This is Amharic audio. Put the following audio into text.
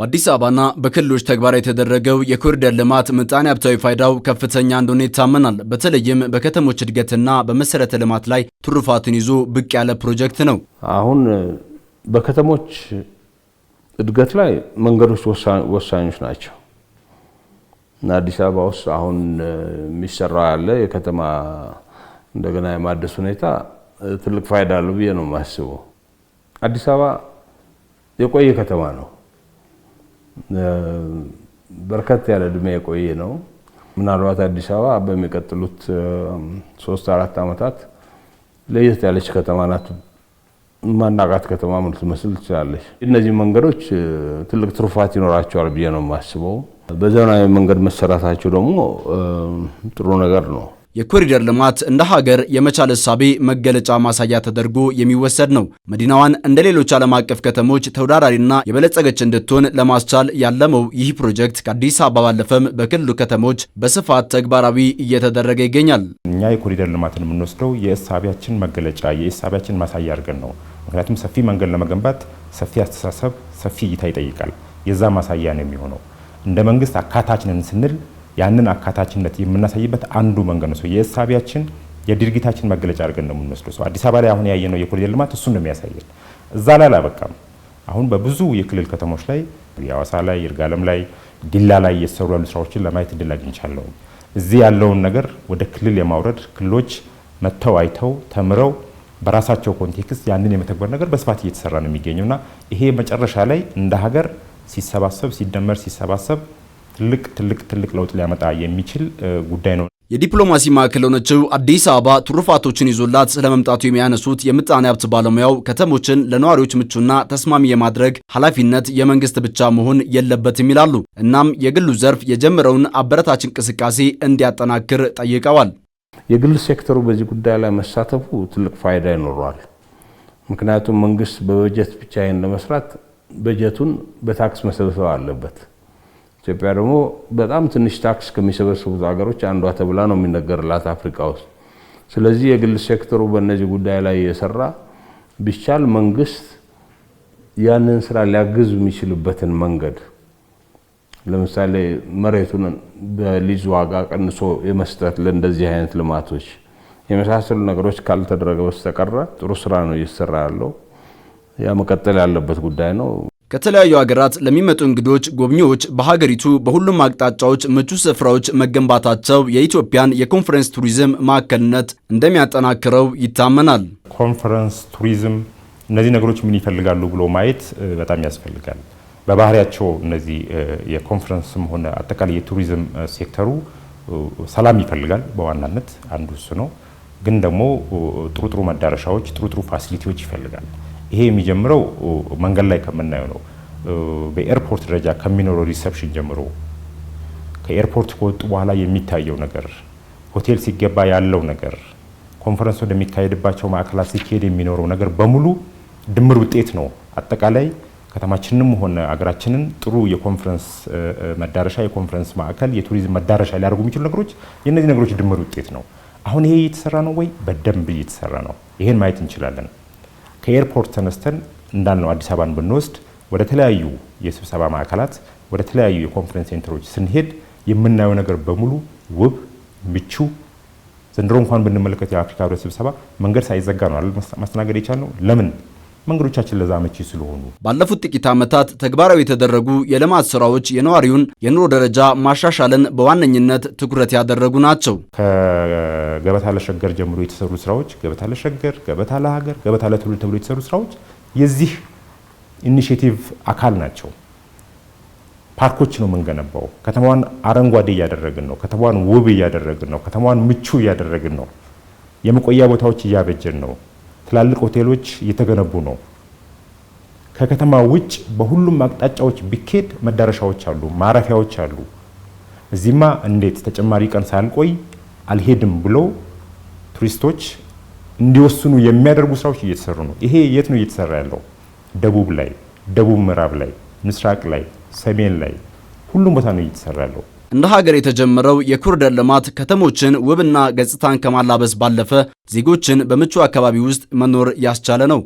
በአዲስ አበባና በክልሎች ተግባራዊ የተደረገው የኮሪደር ልማት ምጣኔ ሀብታዊ ፋይዳው ከፍተኛ እንደሆነ ይታመናል። በተለይም በከተሞች እድገትና በመሰረተ ልማት ላይ ትሩፋትን ይዞ ብቅ ያለ ፕሮጀክት ነው። አሁን በከተሞች እድገት ላይ መንገዶች ወሳኞች ናቸው እና አዲስ አበባ ውስጥ አሁን የሚሰራ ያለ የከተማ እንደገና የማደስ ሁኔታ ትልቅ ፋይዳ አለው ብዬ ነው የማስበው። አዲስ አበባ የቆየ ከተማ ነው። በርከት ያለ እድሜ የቆየ ነው። ምናልባት አዲስ አበባ በሚቀጥሉት ሶስት አራት ዓመታት ለየት ያለች ከተማ ናት። ማናቃት ከተማ ትመስል ትችላለች። እነዚህ መንገዶች ትልቅ ትሩፋት ይኖራቸዋል ብዬ ነው የማስበው። በዘመናዊ መንገድ መሰራታቸው ደግሞ ጥሩ ነገር ነው። የኮሪደር ልማት እንደ ሀገር የመቻል እሳቤ መገለጫ ማሳያ ተደርጎ የሚወሰድ ነው። መዲናዋን እንደ ሌሎች ዓለም አቀፍ ከተሞች ተወዳዳሪና የበለጸገች እንድትሆን ለማስቻል ያለመው ይህ ፕሮጀክት ከአዲስ አበባ ባለፈም በክልሉ ከተሞች በስፋት ተግባራዊ እየተደረገ ይገኛል። እኛ የኮሪደር ልማትን የምንወስደው የእሳቢያችን መገለጫ የእሳቢያችን ማሳያ አድርገን ነው። ምክንያቱም ሰፊ መንገድ ለመገንባት ሰፊ አስተሳሰብ፣ ሰፊ እይታ ይጠይቃል። የዛ ማሳያ ነው የሚሆነው። እንደ መንግስት አካታችንን ስንል ያንን አካታችነት የምናሳይበት አንዱ መንገድ ነው። የእሳቢያችን የድርጊታችን መገለጫ አድርገን ነው የምንወስደው። ሰው አዲስ አበባ ላይ አሁን ያየነው የኮሪደር ልማት እሱን ነው የሚያሳየን። እዛ ላይ አላበቃም። አሁን በብዙ የክልል ከተሞች ላይ የአዋሳ ላይ፣ ይርጋለም ላይ፣ ዲላ ላይ እየተሰሩ ያሉ ስራዎችን ለማየት እድል አግኝቻለሁ። እዚህ ያለውን ነገር ወደ ክልል የማውረድ ክልሎች መጥተው አይተው ተምረው በራሳቸው ኮንቴክስት ያንን የመተግበር ነገር በስፋት እየተሰራ ነው የሚገኘውና ይሄ መጨረሻ ላይ እንደ ሀገር ሲሰባሰብ ሲደመር ሲሰባሰብ ትልቅ ትልቅ ትልቅ ለውጥ ሊያመጣ የሚችል ጉዳይ ነው። የዲፕሎማሲ ማዕከል የሆነችው አዲስ አበባ ትሩፋቶችን ይዞላት ስለመምጣቱ የሚያነሱት የምጣኔ ሀብት ባለሙያው ከተሞችን ለነዋሪዎች ምቹና ተስማሚ የማድረግ ኃላፊነት የመንግስት ብቻ መሆን የለበትም ይላሉ። እናም የግሉ ዘርፍ የጀመረውን አበረታች እንቅስቃሴ እንዲያጠናክር ጠይቀዋል። የግል ሴክተሩ በዚህ ጉዳይ ላይ መሳተፉ ትልቅ ፋይዳ ይኖረዋል። ምክንያቱም መንግስት በበጀት ብቻ ይህን ለመስራት በጀቱን በታክስ መሰብሰብ አለበት። ኢትዮጵያ ደግሞ በጣም ትንሽ ታክስ ከሚሰበስቡት ሀገሮች አንዷ ተብላ ነው የሚነገርላት አፍሪካ ውስጥ። ስለዚህ የግል ሴክተሩ በእነዚህ ጉዳይ ላይ የሰራ ቢቻል መንግስት ያንን ስራ ሊያግዝ የሚችልበትን መንገድ ለምሳሌ መሬቱን በሊዝ ዋጋ ቀንሶ የመስጠት ለእንደዚህ አይነት ልማቶች የመሳሰሉ ነገሮች ካልተደረገ በስተቀረ ጥሩ ስራ ነው እየተሰራ ያለው። ያ መቀጠል ያለበት ጉዳይ ነው። ከተለያዩ ሀገራት ለሚመጡ እንግዶች ጎብኚዎች በሀገሪቱ በሁሉም አቅጣጫዎች ምቹ ስፍራዎች መገንባታቸው የኢትዮጵያን የኮንፈረንስ ቱሪዝም ማዕከልነት እንደሚያጠናክረው ይታመናል። ኮንፈረንስ ቱሪዝም እነዚህ ነገሮች ምን ይፈልጋሉ ብሎ ማየት በጣም ያስፈልጋል። በባህሪያቸው እነዚህ የኮንፈረንስም ሆነ አጠቃላይ የቱሪዝም ሴክተሩ ሰላም ይፈልጋል። በዋናነት አንዱ እሱ ነው። ግን ደግሞ ጥሩ ጥሩ መዳረሻዎች፣ ጥሩ ጥሩ ፋሲሊቲዎች ይፈልጋል። ይሄ የሚጀምረው መንገድ ላይ ከምናየው ነው። በኤርፖርት ደረጃ ከሚኖረው ሪሰፕሽን ጀምሮ ከኤርፖርት ከወጡ በኋላ የሚታየው ነገር፣ ሆቴል ሲገባ ያለው ነገር፣ ኮንፈረንስ ወደሚካሄድባቸው ማዕከላት ሲካሄድ የሚኖረው ነገር በሙሉ ድምር ውጤት ነው። አጠቃላይ ከተማችንም ሆነ አገራችንን ጥሩ የኮንፈረንስ መዳረሻ፣ የኮንፈረንስ ማዕከል፣ የቱሪዝም መዳረሻ ሊያደርጉ የሚችሉ ነገሮች የእነዚህ ነገሮች ድምር ውጤት ነው። አሁን ይሄ እየተሰራ ነው ወይ? በደንብ እየተሰራ ነው። ይሄን ማየት እንችላለን። ከኤርፖርት ተነስተን እንዳልነው አዲስ አበባን ብንወስድ ወደ ተለያዩ የስብሰባ ማዕከላት፣ ወደ ተለያዩ የኮንፈረንስ ሴንተሮች ስንሄድ የምናየው ነገር በሙሉ ውብ፣ ምቹ ዘንድሮ እንኳን ብንመለከት የአፍሪካ ህብረት ስብሰባ መንገድ ሳይዘጋ ነው አለ ማስተናገድ የቻልነው ለምን መንገዶቻችን ለዛ አመቺ ስለሆኑ ባለፉት ጥቂት ዓመታት ተግባራዊ የተደረጉ የልማት ስራዎች የነዋሪውን የኑሮ ደረጃ ማሻሻልን በዋነኝነት ትኩረት ያደረጉ ናቸው። ከገበታ ለሸገር ጀምሮ የተሰሩ ስራዎች ገበታ ለሸገር፣ ገበታ ለሀገር፣ ገበታ ለትውልድ ተብሎ የተሰሩ ስራዎች የዚህ ኢኒሽቲቭ አካል ናቸው። ፓርኮች ነው የምንገነባው። ከተማዋን አረንጓዴ እያደረግን ነው። ከተማዋን ውብ እያደረግን ነው። ከተማዋን ምቹ እያደረግን ነው። የመቆያ ቦታዎች እያበጀን ነው። ትላልቅ ሆቴሎች እየተገነቡ ነው። ከከተማ ውጭ በሁሉም አቅጣጫዎች ቢኬድ መዳረሻዎች አሉ፣ ማረፊያዎች አሉ። እዚህማ እንዴት ተጨማሪ ቀን ሳልቆይ አልሄድም ብሎ ቱሪስቶች እንዲወስኑ የሚያደርጉ ስራዎች እየተሰሩ ነው። ይሄ የት ነው እየተሰራ ያለው? ደቡብ ላይ፣ ደቡብ ምዕራብ ላይ፣ ምስራቅ ላይ፣ ሰሜን ላይ፣ ሁሉም ቦታ ነው እየተሰራ ያለው። እንደ ሀገር የተጀመረው የኮሪደር ልማት ከተሞችን ውብና ገጽታን ከማላበስ ባለፈ ዜጎችን በምቹ አካባቢ ውስጥ መኖር ያስቻለ ነው።